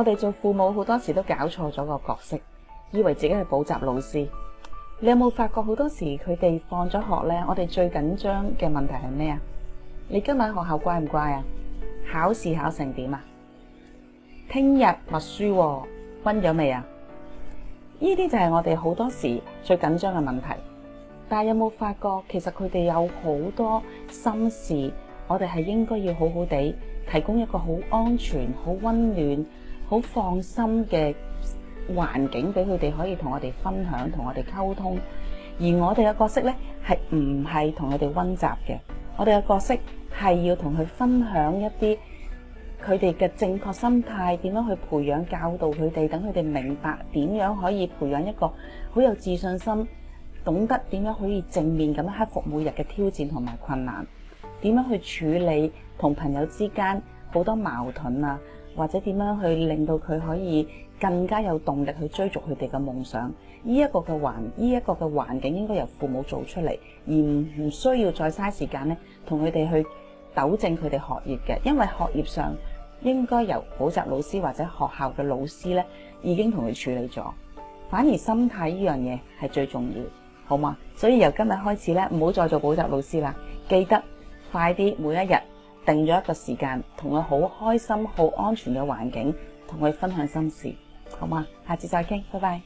我哋做父母好多時都搞錯咗個角色，以為自己係補習老師。你有冇發覺好多時佢哋放咗學咧？我哋最緊張嘅問題係咩啊？你今晚學校乖唔乖啊？考試考成點啊？聽日默書喎，溫咗未啊？呢啲就係我哋好多時最緊張嘅問題。但係有冇發覺其實佢哋有好多心事，我哋係應該要好好地提供一個好安全、好溫暖。好放心嘅環境俾佢哋可以同我哋分享，同我哋溝通。而我哋嘅角色呢，係唔係同佢哋温習嘅？我哋嘅角色係要同佢分享一啲佢哋嘅正確心態，點樣去培養、教導佢哋，等佢哋明白點樣可以培養一個好有自信心，懂得點樣可以正面咁樣克服每日嘅挑戰同埋困難，點樣去處理同朋友之間好多矛盾啊，或者點樣去令到佢可以更加有動力去追逐佢哋嘅夢想？呢一個嘅環，呢一個嘅環境應該由父母做出嚟，而唔需要再嘥時間咧同佢哋去糾正佢哋學業嘅，因為學業上應該由補習老師或者學校嘅老師咧已經同佢處理咗。反而心態呢樣嘢係最重要，好嘛？所以由今日開始咧，唔好再做補習老師啦，記得快啲每一日。定咗一個時間，同佢好開心、好安全嘅環境，同佢分享心事，好嘛？下次再見，拜拜。